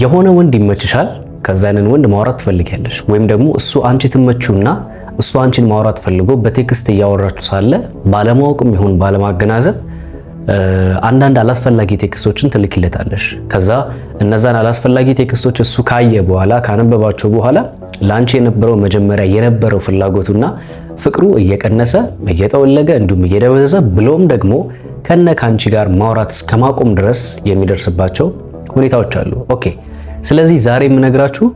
የሆነ ወንድ ይመችሻል፣ ከዛ ያንን ወንድ ማውራት ትፈልጊያለሽ፣ ወይም ደግሞ እሱ አንቺ ትመችውና እሱ አንቺን ማውራት ፈልጎ በቴክስት እያወራችሁ ሳለ ባለማወቅም ይሁን ባለማገናዘብ አንዳንድ አላስፈላጊ ቴክስቶችን ትልክለታለሽ። ከዛ እነዛን አላስፈላጊ ቴክስቶች እሱ ካየ በኋላ ካነበባቸው በኋላ ለአንቺ የነበረው መጀመሪያ የነበረው ፍላጎቱና ፍቅሩ እየቀነሰ እየጠወለገ እንዲሁም እየደበዘዘ ብሎም ደግሞ ከነ ካንቺ ጋር ማውራት እስከማቆም ድረስ የሚደርስባቸው ሁኔታዎች አሉ። ኦኬ። ስለዚህ ዛሬ የምነግራችሁ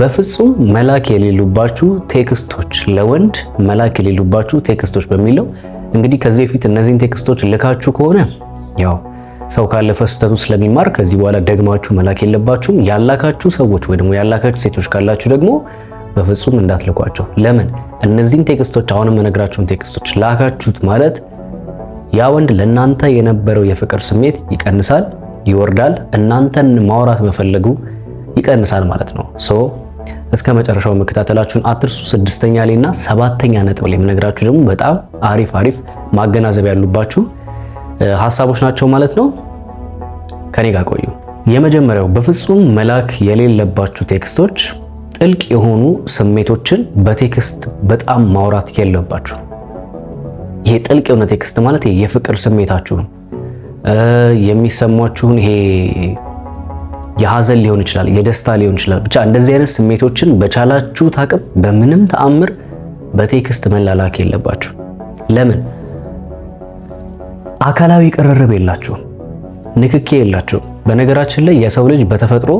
በፍጹም መላክ የሌሉባችሁ ቴክስቶች፣ ለወንድ መላክ የሌሉባችሁ ቴክስቶች በሚለው እንግዲህ ከዚህ በፊት እነዚህን ቴክስቶች ልካችሁ ከሆነ ያው ሰው ካለፈ ስህተቱ ስለሚማር ከዚህ በኋላ ደግማችሁ መላክ የለባችሁም። ያላካችሁ ሰዎች ወይ ደግሞ ያላካችሁ ሴቶች ካላችሁ ደግሞ በፍጹም እንዳትልኳቸው። ለምን እነዚህን ቴክስቶች አሁንም የምነግራችሁን ቴክስቶች ላካችሁት ማለት ያ ወንድ ለእናንተ የነበረው የፍቅር ስሜት ይቀንሳል። ይወርዳል። እናንተን ማውራት መፈለጉ ይቀንሳል ማለት ነው። ሶ እስከ መጨረሻው መከታተላችሁን አትርሱ። ስድስተኛ ላይ እና ሰባተኛ ነጥብ ላይ የምነግራችሁ ደግሞ በጣም አሪፍ አሪፍ ማገናዘብ ያሉባችሁ ሀሳቦች ናቸው ማለት ነው። ከኔ ጋር ቆዩ። የመጀመሪያው በፍጹም መላክ የሌለባችሁ ቴክስቶች፣ ጥልቅ የሆኑ ስሜቶችን በቴክስት በጣም ማውራት የለባችሁ። ይሄ ጥልቅ የሆነ ቴክስት ማለት የፍቅር ነው። የሚሰሟችሁን ይሄ የሀዘን ሊሆን ይችላል፣ የደስታ ሊሆን ይችላል። ብቻ እንደዚህ አይነት ስሜቶችን በቻላችሁ ታቅም በምንም ተአምር በቴክስት መላላክ የለባችሁ። ለምን? አካላዊ ቅርርብ የላችሁ፣ ንክኬ የላችሁ። በነገራችን ላይ የሰው ልጅ በተፈጥሮ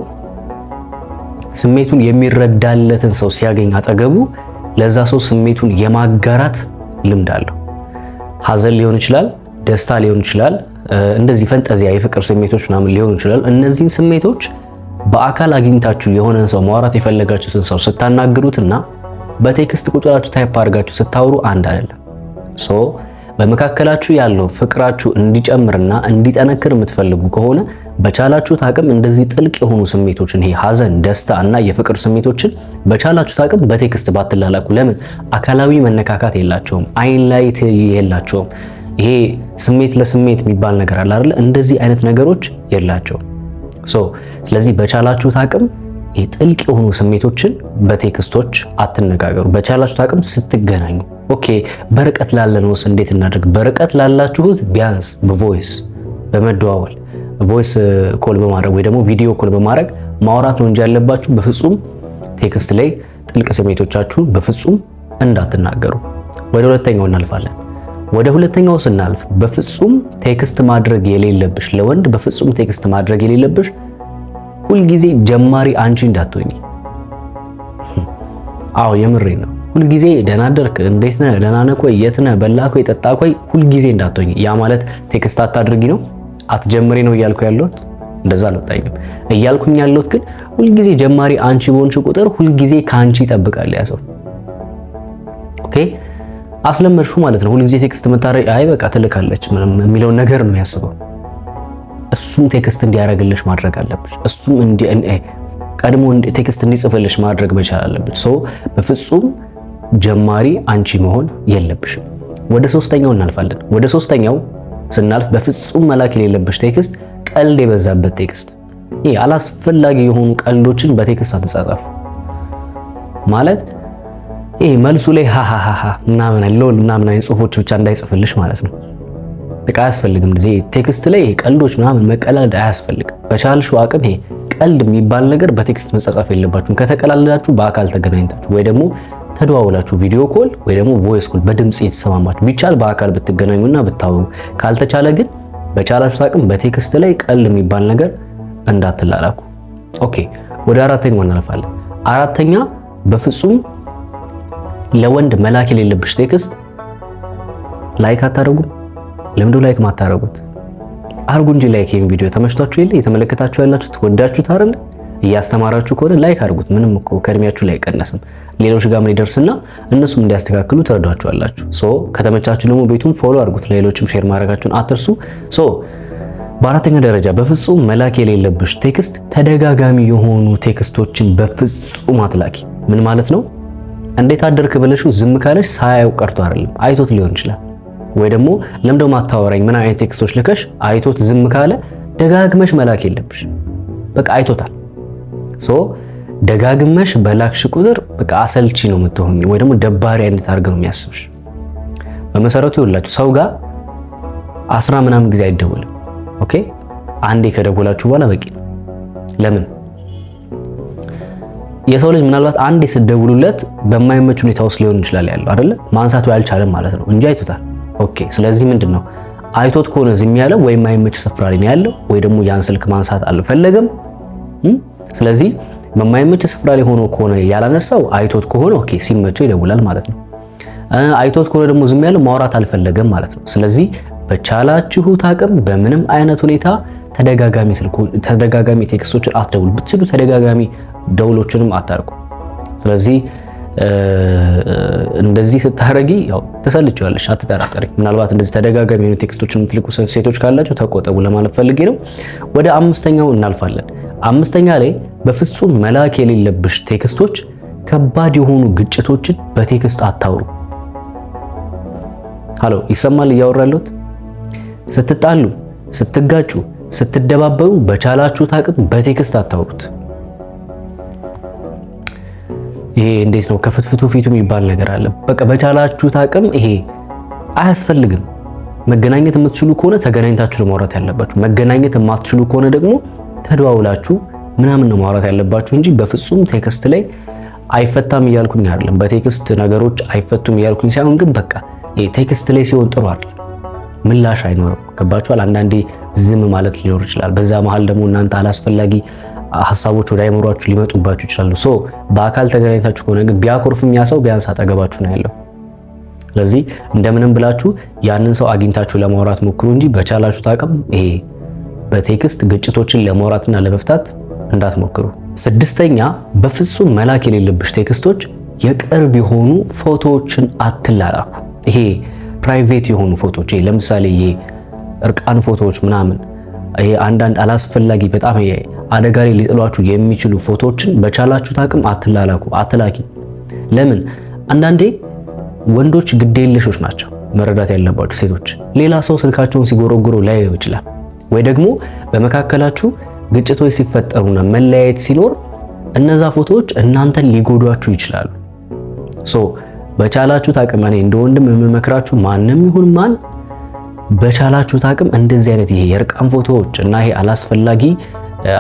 ስሜቱን የሚረዳለትን ሰው ሲያገኝ አጠገቡ ለዛ ሰው ስሜቱን የማጋራት ልምድ አለው። ሀዘን ሊሆን ይችላል፣ ደስታ ሊሆን ይችላል፣ እንደዚህ ፈንጠዚያ የፍቅር ስሜቶች ምናምን ሊሆኑ ይችላል። እነዚህን ስሜቶች በአካል አግኝታችሁ የሆነን ሰው ማውራት የፈለጋችሁትን ሰው ስታናግሩትና በቴክስት ቁጥራችሁ ታይፕ አድርጋችሁ ስታወሩ አንድ አይደለም። ሶ በመካከላችሁ ያለው ፍቅራችሁ እንዲጨምርና እንዲጠነክር የምትፈልጉ ከሆነ በቻላችሁት አቅም እንደዚህ ጥልቅ የሆኑ ስሜቶችን ይሄ ሀዘን፣ ደስታ እና የፍቅር ስሜቶችን በቻላችሁት አቅም በቴክስት ባትላላኩ። ለምን አካላዊ መነካካት የላቸውም፣ አይን ላይ የላቸውም። ይሄ ስሜት ለስሜት የሚባል ነገር አለ አይደል? እንደዚህ አይነት ነገሮች የላቸውም። ሶ ስለዚህ በቻላችሁት አቅም ጥልቅ የሆኑ ስሜቶችን በቴክስቶች አትነጋገሩ። በቻላችሁት አቅም ስትገናኙ፣ ኦኬ በርቀት ላለነውስ እንዴት እናደርግ? በርቀት ላላችሁት ቢያንስ በቮይስ በመደዋወል ቮይስ ኮል በማድረግ ወይ ደግሞ ቪዲዮ ኮል በማድረግ ማውራት ነው እንጂ ያለባችሁ በፍጹም ቴክስት ላይ ጥልቅ ስሜቶቻችሁን በፍጹም እንዳትናገሩ። ወደ ሁለተኛው እናልፋለን። ወደ ሁለተኛው ስናልፍ በፍጹም ቴክስት ማድረግ የሌለብሽ ለወንድ በፍጹም ቴክስት ማድረግ የሌለብሽ ሁልጊዜ ጀማሪ አንቺ እንዳትሆኚ። አዎ የምሬ ነው። ሁልጊዜ ደህና አደርክ፣ እንዴት ነህ፣ ደህና ነህ፣ ቆይ፣ የት ነህ፣ በላህ፣ ቆይ፣ ጠጣህ፣ ቆይ፣ ሁልጊዜ እንዳትሆኚ። ያ ማለት ቴክስት አታድርጊ ነው አትጀምሪ ነው እያልኩ ያለሁት እንደዛ አልወጣኝም እያልኩኝ ያለሁት ግን ሁልጊዜ ጀማሪ አንቺ በሆንሽ ቁጥር ሁልጊዜ ከአንቺ ይጠብቃል ያ ሰው ኦኬ አስለመድሹ ማለት ነው። ሁልጊዜ ቴክስት መታረቅ አይ በቃ ትልካለች ምንም የሚለውን ነገር ነው የሚያስበው እሱም ቴክስት እንዲያደርግልሽ ማድረግ አለብሽ። እሱም ቀድሞ ቴክስት እንዲጽፍልሽ ማድረግ መቻል አለብሽ። ሰው በፍጹም ጀማሪ አንቺ መሆን የለብሽም። ወደ ሶስተኛው እናልፋለን። ወደ ሶስተኛው ስናልፍ በፍጹም መላክ የሌለብሽ ቴክስት፣ ቀልድ የበዛበት ቴክስት። ይህ አላስፈላጊ የሆኑ ቀልዶችን በቴክስት አትጻጻፉ ማለት ይሄ መልሱ ላይ ሃሃሃ ምናምን ሎል ምናምን አይነት ጽሁፎች ብቻ እንዳይጽፍልሽ ማለት ነው። በቃ አያስፈልግም። እዚህ ቴክስት ላይ ቀልዶች ምናምን መቀላለድ አያስፈልግም። በቻልሽው አቅም ይሄ ቀልድ የሚባል ነገር በቴክስት መጻጻፍ የለባችሁም። ከተቀላለዳችሁ በአካል ተገናኝታችሁ ወይ ደግሞ ተደዋውላችሁ ቪዲዮ ኮል ወይ ደግሞ ቮይስ ኮል በድምጽ የተሰማማችሁ ቢቻል በአካል ብትገናኙና ብታወሩ፣ ካልተቻለ ግን በቻላችሁት አቅም በቴክስት ላይ ቀልድ የሚባል ነገር እንዳትላላኩ። ኦኬ፣ ወደ አራተኛው እናልፋለን። አራተኛ በፍጹም ለወንድ መላክ የሌለብሽ ቴክስት ላይክ አታደርጉም? ለምንድን ነው ላይክ ማታደርጉት? አርጉ እንጂ ላይክ። ይሄን ቪዲዮ ተመችቷችሁ የለ የተመለከታችሁ ያላችሁት ወዳችሁት አይደል? እያስተማራችሁ ከሆነ ላይክ አድርጉት። ምንም እኮ ከእድሜያችሁ ላይ አይቀነስም። ሌሎች ጋር ምን ይደርስና እነሱም እንዲያስተካክሉ ትረዷቸዋላችሁ። ሶ ከተመቻችሁ ደግሞ ቤቱን ፎሎ አድርጉት፣ ለሌሎችም ሼር ማድረጋችሁን አትርሱ። ሶ በአራተኛ ደረጃ በፍጹም መላክ የሌለብሽ ቴክስት ተደጋጋሚ የሆኑ ቴክስቶችን በፍጹም አትላኪ። ምን ማለት ነው? እንዴት አደርክ ብለሽ ዝም ካለሽ ሳያየው ቀርቶ አይደለም አይቶት ሊሆን ይችላል። ወይ ደግሞ ለምደው ማታወራኝ ምን አይነት ቴክስቶች ልከሽ አይቶት ዝም ካለ ደጋግመሽ መላክ የለብሽ። በቃ አይቶታል። ሶ ደጋግመሽ በላክሽ ቁጥር በቃ አሰልቺ ነው የምትሆኝ፣ ወይ ደግሞ ደባሪ አይነት ነው የሚያስብሽ። በመሰረቱ ይኸውላችሁ ሰው ጋር አስራ ምናምን ጊዜ አይደወልም። ኦኬ አንዴ ከደወላችሁ በኋላ በቂ ነው። ለምን የሰው ልጅ ምናልባት አንድ ስደውሉለት በማይመች ሁኔታ ውስጥ ሊሆን ይችላል ያለው አይደለ? ማንሳቱ አልቻለም ማለት ነው እንጂ አይቶታል። ኦኬ። ስለዚህ ምንድን ነው አይቶት ከሆነ ዝም ያለው ወይ ማይመች ስፍራ ላይ ያለው ወይ ደግሞ ያን ስልክ ማንሳት አልፈለገም። ስለዚህ በማይመች ስፍራ ላይ ሆኖ ከሆነ ያላነሳው አይቶት ከሆነ ኦኬ፣ ሲመቸው ይደውላል ማለት ነው። አይቶት ከሆነ ደግሞ ዝም ያለው ማውራት አልፈለገም ማለት ነው። ስለዚህ በቻላችሁት አቅም በምንም አይነት ሁኔታ ተደጋጋሚ ስልኩ ተደጋጋሚ ቴክስቶችን አትደውሉ። ብትችሉ ተደጋጋሚ ደውሎችንም አታርቁ። ስለዚህ እንደዚህ ስታረጊ ያው ተሰልችዋለሽ፣ አትጠራጠሪ። ምናልባት እንደዚህ ተደጋጋሚ የሆኑ ቴክስቶችን የምትልቁ ሴቶች ካላችሁ ተቆጠቡ ለማለት ፈልጌ ነው። ወደ አምስተኛው እናልፋለን። አምስተኛ ላይ በፍጹም መላክ የሌለብሽ ቴክስቶች፣ ከባድ የሆኑ ግጭቶችን በቴክስት አታውሩ። ሀሎ ይሰማል እያወራለሁት። ስትጣሉ፣ ስትጋጩ፣ ስትደባበሩ በቻላችሁት አቅም በቴክስት አታውሩት። ይሄ እንዴት ነው ከፍትፍቱ ፊቱ የሚባል ነገር አለ። በቃ በቻላችሁት አቅም ይሄ አያስፈልግም። መገናኘት የምትችሉ ከሆነ ተገናኝታችሁ ነው ማውራት ያለባችሁ። መገናኘት የማትችሉ ከሆነ ደግሞ ተደዋውላችሁ ምናምን ነው ማውራት ያለባችሁ እንጂ በፍጹም ቴክስት ላይ አይፈታም እያልኩኝ አይደለም። በቴክስት ነገሮች አይፈቱም እያልኩኝ ሳይሆን ግን በቃ ቴክስት ላይ ሲሆን ጥሩ አይደል፣ ምላሽ አይኖርም። ገባችኋል? አንዳንዴ ዝም ማለት ሊኖር ይችላል። በዛ መሀል ደግሞ እናንተ አላስፈላጊ ሀሳቦች ወደ አይምሯችሁ ሊመጡባችሁ ይችላሉ። ሶ በአካል ተገናኝታችሁ ከሆነ ግን ቢያኮርፍም ያ ሰው ቢያንስ አጠገባችሁ ነው ያለው። ስለዚህ እንደምንም ብላችሁ ያንን ሰው አግኝታችሁ ለማውራት ሞክሩ እንጂ በቻላችሁ ታቅም ይሄ በቴክስት ግጭቶችን ለማውራትና ለመፍታት እንዳትሞክሩ። ስድስተኛ በፍጹም መላክ የሌለብሽ ቴክስቶች የቅርብ የሆኑ ፎቶዎችን አትላላኩ። ይሄ ፕራይቬት የሆኑ ፎቶዎች ለምሳሌ ይሄ እርቃን ፎቶዎች ምናምን ይሄ አንዳንድ አላስፈላጊ በጣም አደጋ ላይ ሊጥሏችሁ የሚችሉ ፎቶዎችን በቻላችሁት አቅም አትላላኩ፣ አትላኪ። ለምን አንዳንዴ ወንዶች ግዴለሾች ናቸው። መረዳት ያለባችሁ ሴቶች፣ ሌላ ሰው ስልካቸውን ሲጎረጉሩ ሊያየው ይችላል። ወይ ደግሞ በመካከላችሁ ግጭቶች ሲፈጠሩና መለያየት ሲኖር እነዛ ፎቶዎች እናንተን ሊጎዷችሁ ይችላሉ። ሶ በቻላችሁት አቅም እኔ እንደ ወንድም የምመክራችሁ ማንም ይሁን ማን በቻላችሁት አቅም እንደዚህ አይነት ይሄ የእርቃን ፎቶዎች እና ይሄ አላስፈላጊ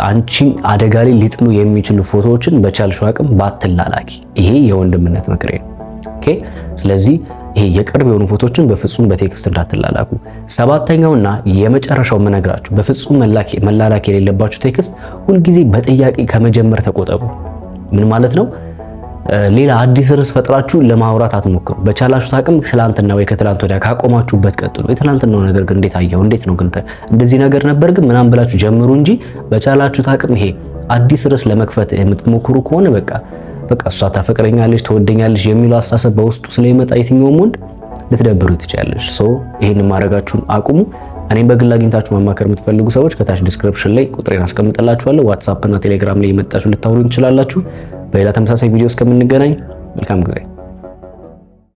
አንቺን አደጋ ላይ ሊጥሉ የሚችሉ ፎቶዎችን በቻልሽው አቅም ባትላላኪ። ይሄ የወንድምነት ምክሬ ነው። ኦኬ። ስለዚህ ይሄ የቅርብ የሆኑ ፎቶዎችን በፍጹም በቴክስት እንዳትላላኩ። ሰባተኛውና የመጨረሻው የምነግራችሁ በፍጹም መላላክ የሌለባችሁ ቴክስት፣ ሁልጊዜ በጥያቄ ከመጀመር ተቆጠቡ። ምን ማለት ነው? ሌላ አዲስ ርዕስ ፈጥራችሁ ለማውራት አትሞክሩ። በቻላችሁት አቅም ትላንትና ወይ ከትላንት ወዲያ ካቆማችሁበት ቀጥሉ። የትላንትናው ነገር ግን እንዴት አየው እንዴት ነው ግን እንደዚህ ነገር ነበር ግን ምናምን ብላችሁ ጀምሩ እንጂ በቻላችሁት አቅም ይሄ አዲስ ርዕስ ለመክፈት የምትሞክሩ ከሆነ በቃ በቃ እሷ ታፈቅረኛለች፣ ትወደኛለች የሚለው አሳሰብ በውስጡ ስለሚመጣ የትኛውም ወንድ ልትደብሩ ትችላለች። ሶ ይህን ማድረጋችሁን አቁሙ። እኔም በግል አግኝታችሁ ማማከር የምትፈልጉ ሰዎች ከታች ዲስክሪፕሽን ላይ ቁጥሬን አስቀምጥላችኋለሁ። ዋትሳፕ እና ቴሌግራም ላይ የመጣችሁ ልታውሩ ትችላላችሁ። በሌላ ተመሳሳይ ቪዲዮ እስከምንገናኝ መልካም ጊዜ